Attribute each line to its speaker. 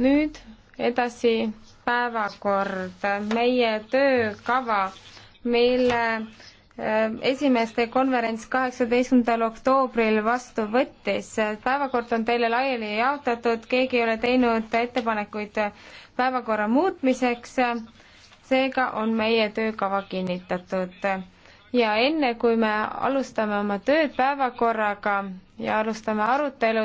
Speaker 1: nüüd edasi päevakord, meie töökava, mille äh, esimeste konverents kaheksateistkümnendal oktoobril vastu võttis. päevakord on teile laiali jaotatud, keegi ei ole teinud ettepanekuid päevakorra muutmiseks, seega on meie töökava kinnitatud. ja enne, kui me alustame oma tööd päevakorraga ja alustame
Speaker 2: arutelu,